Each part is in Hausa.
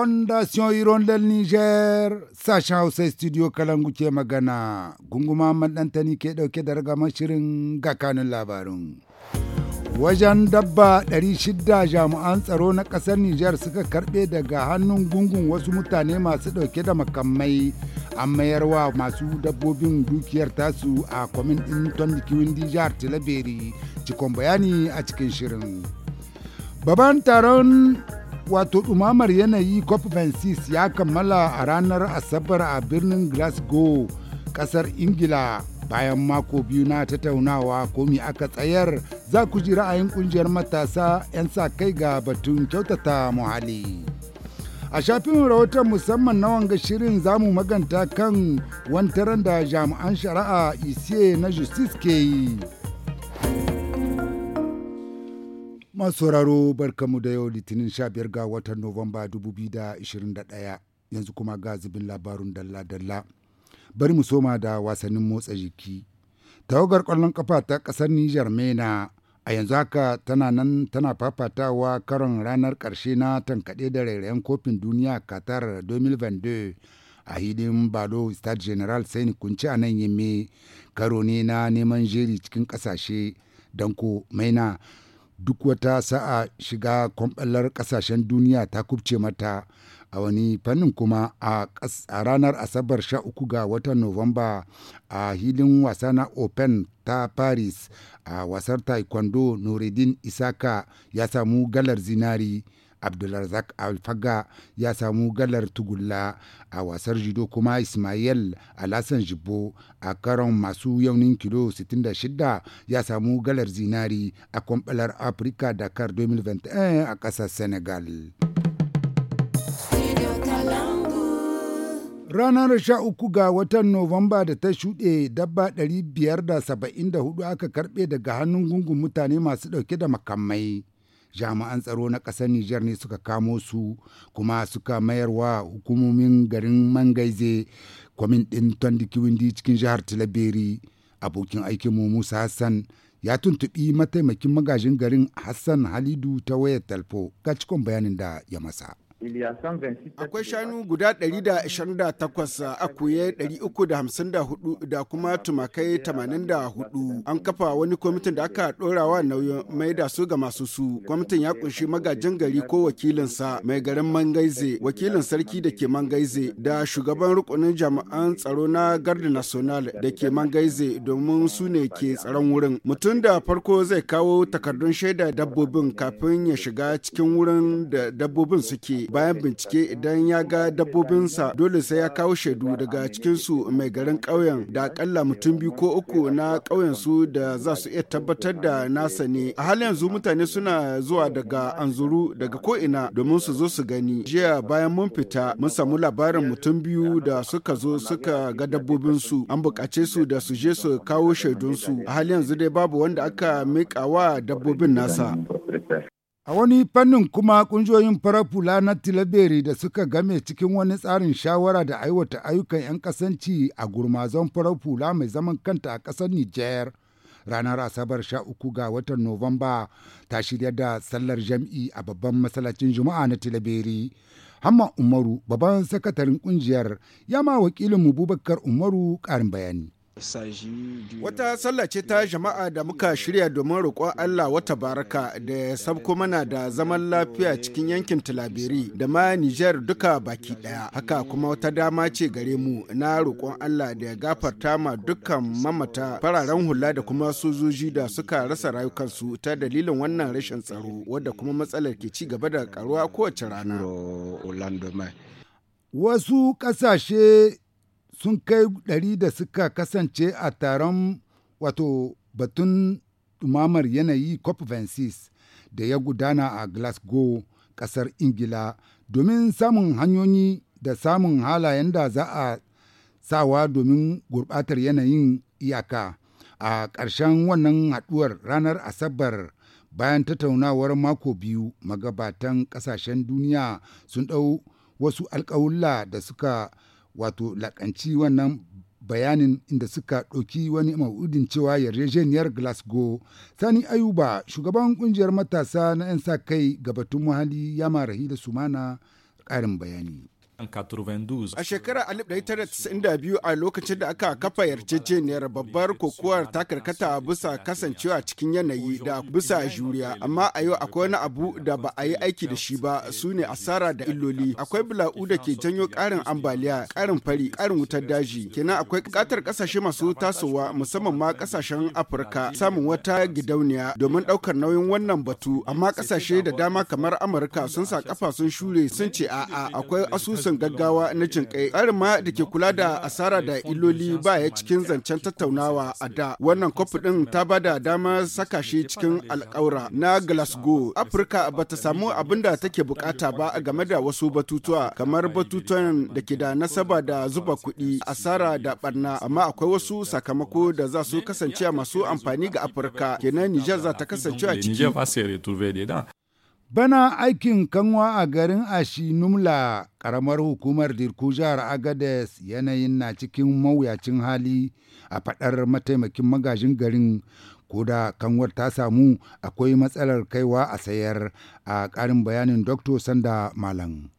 fondation hirondel niger sashen hausa studio kalangu ke magana gunguma maɗantani ke ɗauke da ragama shirin gakanin kanun labarin wajen dabba 600 jami'an tsaro na ƙasar niger suka karɓe daga hannun gungun wasu mutane masu ɗauke da makamai an mayarwa masu dabbobin dukiyar tasu a kwamin ɗin tondikiwin jihar tilaberi cikon bayani a cikin shirin babban taron wato ɗumamar yanayi cop 26 ya kammala a ranar asabar a birnin glasgow ƙasar ingila bayan mako biyu na tattaunawa komi aka tsayar za ku ji ra'ayin ƙungiyar matasa 'yan sa kai ga batun kyautata muhalli. a shafin rahoton musamman na wanga shirin zamu maganta kan wantaran da jami'an shari'a isiye na justice ke yi. Masu sauraro barkamu da yau Litinin 15 ga watan Nuwamba 2021 yanzu kuma ga zubin labarun dalla-dalla. Bari mu soma da wasannin motsa jiki. Tawagar kwallon kafa ta ƙasar Nijar Mena a yanzu haka tana nan tana fafatawa karon ranar karshe na tankaɗe da rairayen kofin duniya Qatar 2022 a hidin Balo Star General saini Kunci a nan Yemme karo ne na neman jeri cikin ƙasashe Danko Maina duk wata sa'a shiga kwamɓalar ƙasashen duniya ta kubce mata a wani fannin kuma a ranar asabar 13 ga watan nuwamba a hilin wasa na open ta paris a wasar taekwondo noredin isaka ya samu galar zinari abdulrazak alfaga ya samu galar tugulla a wasar jido kuma ismail alasan jibbo a karon masu yaunin kilo 66 ya samu galar zinari a kwamfalar afirka dakar 2021 a ƙasar senegal Ranar sha ga watan Nuwamba da ta shuɗe dabba 574 aka karɓe daga hannun gungun mutane masu ɗauke da makamai. jami'an tsaro na ƙasar Nijar ne suka kamo su kuma suka mayar wa hukumomin garin Mangaize kwamin ɗin Tondikiwindi cikin jihar Tilaberi. Abokin mu Musa Hassan ya tuntuɓi mataimakin magajin garin Hassan Halidu ta wayar talfo ga cikon bayanin da ya masa. Akwai shanu guda 128 a koye 354 da kuma tumakai 84. An kafa wani kwamitin da aka wa nauyin mai da su ga masu su. Kwamitin ya kunshi magajin gari ko wakilinsa mai garin Mangaize, wakilin sarki da ke Mangaize da shugaban rukunin jami'an tsaro na Garda National da ke Mangaize domin su ne ke tsaron wurin. Mutum da farko zai kawo takardun shaida dabbobin kafin ya shiga cikin wurin da dabbobin suke. bayan bincike idan ya ga dabbobinsa dole sai ya kawo shaidu daga cikinsu mai garin ƙauyen da akalla mutum biyu ko uku na ƙauyen su da za su iya tabbatar da nasa ne a halin yanzu mutane suna zuwa daga anzuru daga ko'ina domin su zo su gani jiya bayan mun fita mun samu labarin mutum biyu da suka zo suka ga dabbobinsu an buƙace su da su je su kawo shaidunsu a halin yanzu dai babu wanda aka miƙa wa dabbobin nasa. A wani fannin kuma ƙungiyoyin farar hula na Tilaberi da suka game cikin wani tsarin shawara da aiwata ayyukan 'yan kasanci a gurmazon farar hula mai zaman kanta a ƙasar Nijar. ranar asabar 13 ga watan Nuwamba ta shirya da sallar jam'i a babban masallacin Juma'a na Tilaberi. Hamma Umaru, babban sakataren ƙungiyar ya ma wakilin Bubakar Umaru karin bayani. Wata sallah ce ta jama'a da muka shirya domin roƙon Allah wata baraka da ya sabko mana da zaman lafiya cikin yankin Tilaberi da ma Niger duka baki ɗaya. Haka kuma wata dama ce gare mu na roƙon Allah da ya gafarta ma dukkan mamata fararen hula da kuma sojoji da suka rasa rayukansu ta dalilin wannan rashin tsaro wadda kuma matsalar ke ci gaba da karuwa kowace rana. Wasu ƙasashe sun kai ɗari da suka kasance a taron wato batun ɗumamar yanayi cop 26 da ya gudana a glasgow ƙasar ingila domin samun hanyoyi da samun halayen da za a sawa domin gurɓatar yanayin iyaka a ƙarshen wannan haɗuwar ranar asabar bayan tattaunawar mako biyu magabatan ƙasashen duniya sun ɗau wasu alƙawulla da suka wato lakanci wannan bayanin inda suka ɗauki wani ma'udin cewa yarjejeniyar glasgow sani ayuba shugaban ƙungiyar matasa na 'yan sa kai ga batun muhalli ya marahi da sumana ƙarin bayani A shekarar 1992 a lokacin da aka kafa yarjejeniyar babbar kokowar ta karkata bisa kasancewa cikin yanayi da bisa juriya amma a yau akwai wani abu da ba a yi aiki da shi ba su ne asara da illoli akwai bula'u da ke janyo karin ambaliya karin fari karin wutar daji kenan akwai katar kasashe masu tasowa musamman ma kasashen afirka samun wata gidauniya domin daukar nauyin wannan batu amma kasashe da dama kamar amurka sun sa kafa sun shure sun ce a'a akwai asusun asusun gaggawa na kai ma da ke kula da asara da iloli ba ya cikin zancen tattaunawa a da wannan kofi ɗin ta ba da damar saka shi cikin alƙawura na glasgow afirka ba ta samu abin da take bukata ba game da wasu batutuwa kamar batutuwan da ke da nasaba da zuba kuɗi asara da barna amma akwai wasu sakamako da za su kasance masu amfani ga afirka kenan nijar za ta kasance a ciki Bana aikin kanwa a garin ashi numla, ƙaramar hukumar Dirku jihar Agades yanayin na cikin mawuyacin hali a faɗar mataimakin magajin garin ko kanwar ta samu akwai matsalar kaiwa a sayar a ƙarin bayanin Dr. Sanda Malam.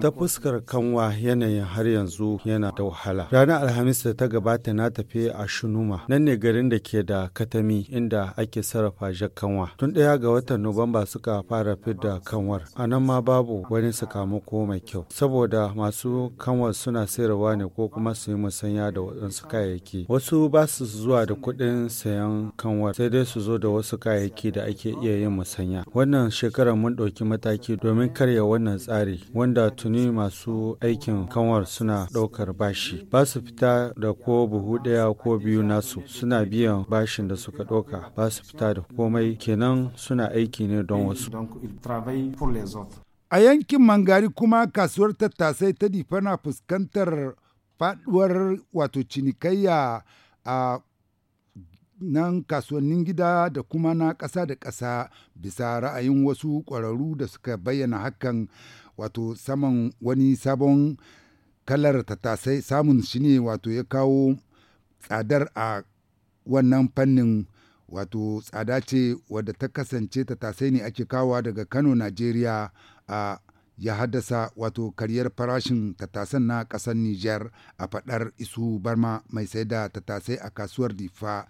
Ta fuskar kanwa yanayin har yanzu yana da wahala. Ranar Alhamis da ta gabata na tafi a Shunuma, nan ne garin da ke da katami inda ake sarrafa jak kanwa. Tun ɗaya ga watan Nuwamba suka fara fidda kanwar, a nan ma babu wani sakamako mai kyau. Saboda masu kanwar suna sayarwa ne ko kuma su yi musanya da waɗansu kayayyaki. Wasu ba su zuwa da kuɗin sayan kanwar, sai dai su zo da wasu kayayyaki da ake iya yin musanya. Wannan shekarar mun ɗauki mataki domin domin karya wannan tsari wanda tuni masu aikin kanwar suna ɗaukar bashi ba su fita da ko buhu ɗaya ko biyu nasu suna biyan bashin da suka ɗauka ba su fita da komai kenan suna aiki ne don wasu a yankin mangari kuma kasuwar tattasai ta difana fuskantar faduwar wato cinikayya a nan kasuwannin gida da kuma na ƙasa da ƙasa bisa ra'ayin wasu ƙwararru da suka bayyana hakan wato saman wani sabon kalar tattasai samun shi ne wato ya kawo tsadar a wannan fannin wato tsada ce wadda ta kasance tatasai ne ake kawo daga kano najeriya a ya haddasa wato karyar farashin tattasan na ƙasar niger a faɗar isu barma mai sai da tattasai a kasuwar difa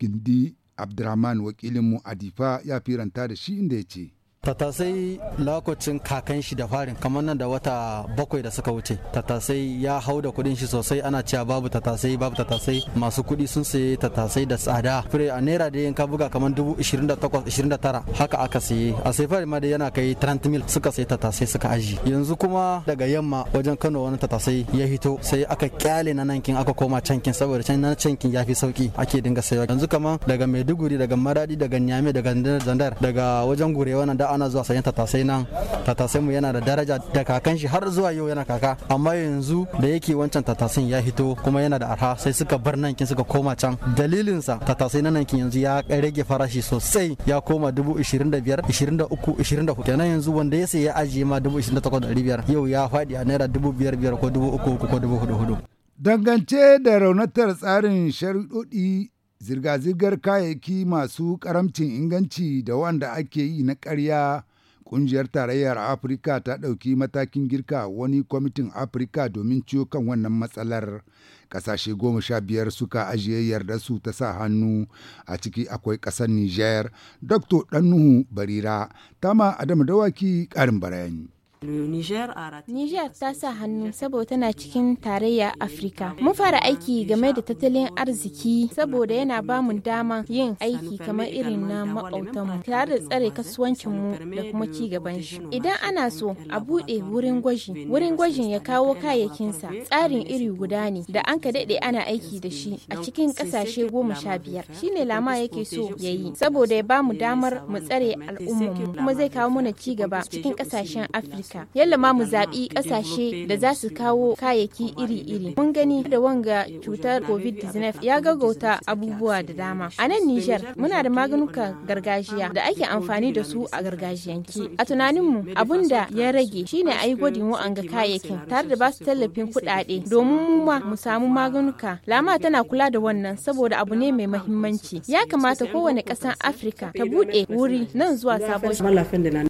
gindi abdurrahman wakilinmu adifa ya firanta da shi inda ya ce tatasai lokacin kakan shi da farin kamar nan da wata bakwai da suka wuce tatasai ya hau da kuɗin shi sosai ana cewa babu tatasai babu tatasai masu kuɗi sun sayi tatasai da tsada fure a naira da ka buga kamar dubu ishirin da takwas ishirin da tara haka aka saye a sai fari ma da yana kai trent mil suka sayi tatasai suka aji yanzu kuma daga yamma wajen kano wani tatasai ya hito sai aka kyale na nankin aka koma cankin saboda can na cankin ya fi sauki ake dinga sayo yanzu kamar daga maiduguri daga maradi daga nyame daga zandar daga wajen gurewa nan da ana zuwa sayan tatasai nan tatasai mu yana da daraja da kakan shi har zuwa yau yana kaka amma yanzu da yake wancan tatasin ya hito kuma yana da arha sai suka bar nan kin suka koma can dalilin sa tatasai nan kin yanzu ya rage farashi sosai ya koma dubu ishirin da biyar ishirin da uku ishirin da hudu kenan yanzu wanda ya sayi ajiye ma dubu ishirin da takwas da biyar yau ya faɗi a naira dubu biyar biyar ko dubu uku uku ko dubu hudu hudu. Dangance da raunatar tsarin sharuɗoɗi zirga-zirgar kayayyaki masu karamcin inganci da wanda ake yi na ƙarya ƙungiyar tarayyar afirka ta ɗauki matakin girka wani kwamitin afirka domin ciwo kan wannan matsalar ƙasashe goma sha biyar suka ajiye yarda su ta sa hannu a ciki akwai ƙasar niger dr ɗannuhu barira tama adamu dawaki ƙarin bayani Niger ta sa hannu saboda tana cikin tarayya Afirka. Mun fara aiki game da tattalin arziki saboda yana ba mu dama yin aiki kamar irin na maƙautanmu tare da tsare kasuwancinmu da kuma ci gaban shi. Idan ana so a buɗe wurin gwaji, wurin gwajin ya kawo kayayyakinsa tsarin iri guda ne da an ka daɗe ana aiki da shi a cikin ƙasashe goma sha biyar. Shine lama yake so ya yi saboda ya ba mu damar mu tsare al'ummarmu kuma zai kawo mana ci gaba cikin ƙasashen Afirka. Afirka. yalla ma mu zaɓi ƙasashe da za su kawo kayayyaki iri-iri mun gani da wanga cutar covid-19 ya gaggauta abubuwa da dama a nan nijar muna da maganuka gargajiya da ake amfani da su a gargajiyanki a tunaninmu abun da ya rage shine a yi gwadin wa'anga kayayyakin tare da ba su tallafin kuɗaɗe domin mu ma mu samu maganuka lama tana kula da wannan saboda abu ne mai mahimmanci ya kamata kowane ƙasar afirka ta buɗe wuri nan zuwa sabon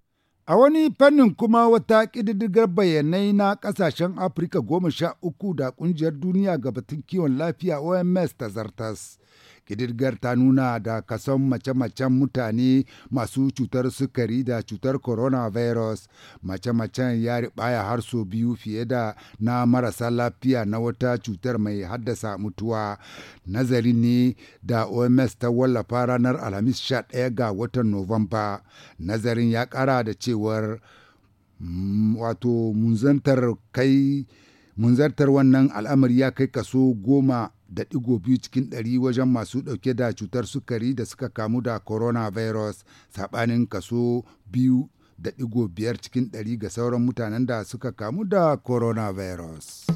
A wani fannin kuma wata ƙididdigar bayanai na ƙasashen Afirka goma sha uku da ƙungiyar duniya ga batun kiwon lafiya OMS ta zartas Ƙidirgar ta nuna da kason mace-macen mutane masu cutar sukari da cutar coronavirus mace-macen ya ribaya har so biyu fiye da na marasa lafiya na wata cutar mai haddasa mutuwa nazari ne da oms ta wallafa ranar alhamis 11 ga watan nuwamba nazarin ya ƙara da cewar mm, wato munzantar kai munzartar wannan al'amari ya kai kaso goma da ɗigo biyu cikin ɗari wajen masu ɗauke da cutar sukari da suka kamu da coronavirus saɓanin kaso biyu da ɗigo biyar cikin ɗari ga sauran mutanen da suka kamu da coronavirus.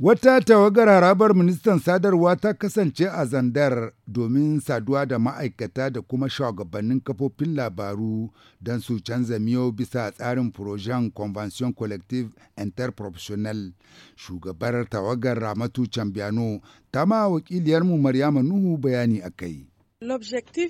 Wata tawagar harabar ministan sadarwa ta kasance a zandar domin saduwa da ma'aikata da kuma shugabannin kafofin labaru don su canza miyo bisa tsarin Projan Convention Collective Interprofessional. Shugabar tawagar Ramatu Cambiano ta ma wakiliyarmu Maryama Nuhu bayani a kai. Euh,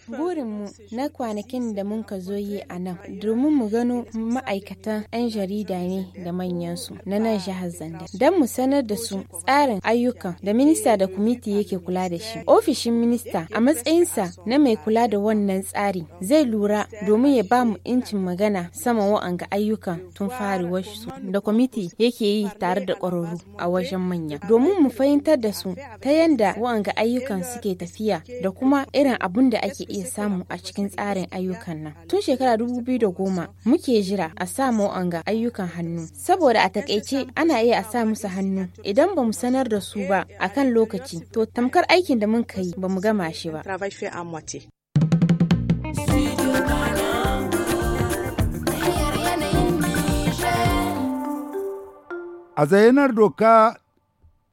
Burinmu na kwanakin da mun zo yi a nan, domin mu gano ma'aikatan 'yan jarida ne da manyansu na nan jihar Zanda. Don mu sanar da su tsarin ayyukan da minista da kwamiti yake kula da shi. Ofishin minista a matsayinsa na mai kula da wannan tsari zai lura domin ya ba mu incin magana sama wa'anga ayyukan tun faruwar su da kwamiti yake yi tare da ƙwararru a wajen manya. Domin mu fahimtar da su ta yanda wa'anga ayyukan suke tafiya da kuma irin abun da ake iya samu a cikin tsarin ayyukan nan. Tun shekara dubu biyu da goma muke jira a samu anga ayyukan hannu. Saboda a takaice ana iya a sa musu hannu idan bamu sanar da su ba a kan lokaci to tamkar aikin da mun yi ba mu gama shi ba. A zayanar doka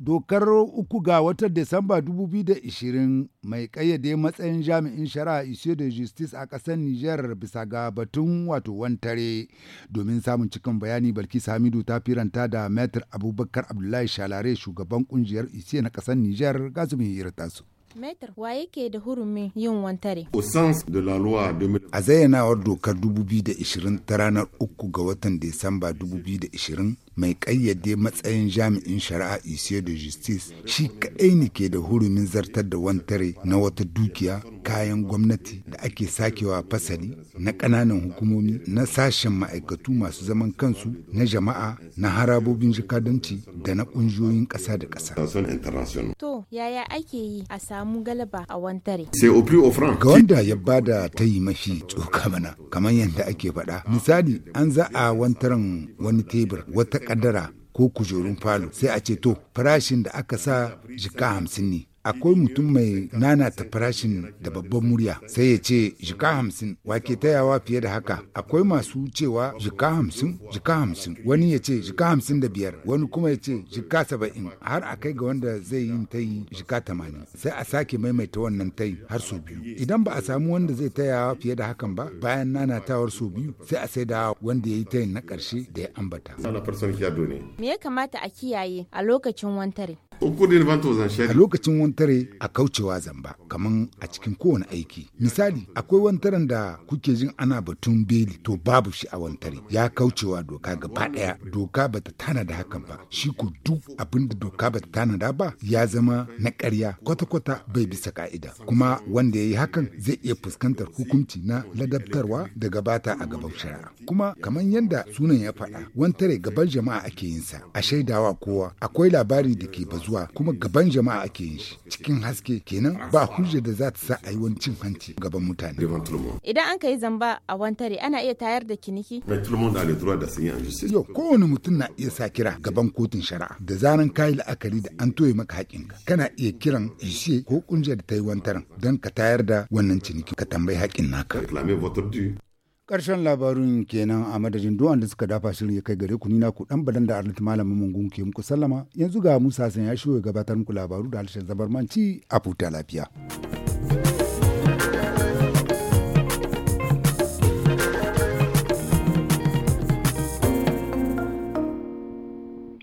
Dokar uku ga watan Disamba 2020 mai kayyade matsayin jami'in shari'a ishe da justice a ƙasar Nijar bisa ga batun wato wantare domin samun cikin bayani balki Samidu ta firanta da Metr Abubakar Abdullahi Shalare shugaban kungiyar ishe na ƙasar Nijar gasu mai hirta su. Metar wa yake da hurumin yin wantare? A zayyanawar dokar 2020 ta ranar 3 ga watan Disamba 2020 mai ƙayyade matsayin jami'in shari'a isiyo da justice shi kaɗai ne ke da hurumin zartar da wantare na wata dukiya kayan gwamnati da ake sakewa fasali na ƙananan hukumomi na sashen ma'aikatu masu zaman kansu na jama'a na harabobin jikadanci da na ƙungiyoyin ƙasa da ƙasa. To yaya ake yi a samu galaba a wantare? Ga wanda ya bada ta yi mashi tsoka mana kamar yadda ake faɗa. Misali an za a wantaren wani tebur wata kadara ko kujerun falo sai a ce to farashin da aka sa jika hamsin ne akwai mutum mai nanata farashin da babban murya sai ya ce jika hamsin wake tayawa fiye da haka akwai masu cewa jika hamsin jika hamsin wani ya ce jika hamsin da biyar wani kuma ya ce jika saba'in har a kai ga wanda zai yi ta yi jika tamanin sai a sake maimaita wannan ta yi har sau biyu idan ba a samu wanda zai tayawa fiye da hakan ba bayan nanatawar sau biyu sai a sai da wanda ya yi ta na karshe da ya ambata. Me ya kamata a kiyaye a lokacin wantare? A lokacin wantare a kaucewa zamba kaman a cikin kowane aiki. Misali, akwai wantaren da kuke jin ana batun beli to babu shi a wantare. Ya kaucewa doka gaba daya. Doka bata tana da hakan ba. Shi ku duk abin da doka bata da ba ya zama na karya kwata-kwata bai bisa ka'ida. Kuma wanda ya yi hakan zai iya fuskantar hukunci na ladabtarwa da gabata a gaban shari'a. Kuma kamar yadda sunan ya faɗa, wantare gaban jama'a ake yin sa. A shaidawa kowa akwai labari da ke bazu zuwa kuma gaban jama'a ake yin shi cikin haske kenan ba hujja da za ta sa a yi wani cin hanci gaban mutane. Idan an ka yi zamba a wantare ana iya tayar da kiniki. Yau kowane mutum na iya sa kira gaban kotun shari'a da zaran kayi la'akari da an toye maka haƙinka kana iya kiran ishe ko kunjiyar ta yi wantaren don ka tayar da wannan ciniki ka tambayi haƙin naka. karshen labarun kenan a madadin duwan da suka dafa shirin ya kai gare ku nina ku dan badan da arlit malamin mun ke muku sallama yanzu ga musa san ya shigo gabatar muku labaru da zabar zabarmanci a futa lafiya.